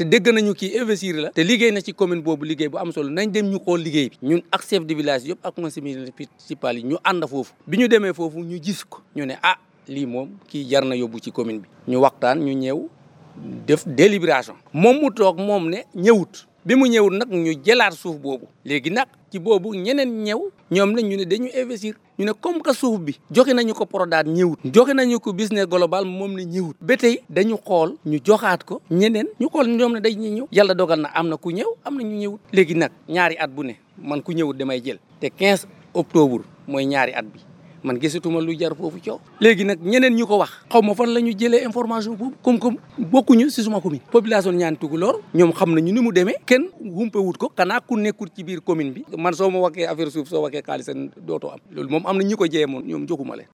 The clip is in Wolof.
te dëgg nañu kii investir la te liggéey na ci commune boobu liggéey bu am solo nañ dem ñu xool liggéey bi ñun ak chef de village yëpp ak conseil municipal yi ñu ànd foofu bi ñu demee foofu ñu gis ko ñu ne ah lii moom kii jar na yóbbu ci commune bi ñu waxtaan ñu ñëw def délibération moom mu toog moom ne ñëwut bi mu ñëwul nag ñu jëlaat suuf boobu léegi nag ci boobu ñeneen ñëw ñoom la ñu ne dañu investir ñu ne comme que suuf bi joxe nañu ko Prodac ñëwut joxe nañu ko business global moom la ñëwut ba tey dañu xool ñu joxaat ko ñeneen ñu xool ñoom ne day ñu ñëw yàlla dogal na am na ku ñëw am na ñu ñëwut léegi nag ñaari at bu ne man ku ñëwut damay jël te 15 octobre mooy ñaari at bi man gisatuma lu jar foofu coow. léegi nag ñeneen ñu ko wax. xaw ma fan la ñu jëlee information boobu comme comme bokkuñu si suma commune. population ñaan tukulóor ñoom xam nañu ni mu demee. kenn wumpe wut ko kana ku nekkul ci biir commune bi. man soo ma waxee affaire suuf soo waxee xaalis dootoo am. loolu moom am na ñi ko jéemoon ñoom joxuma leen.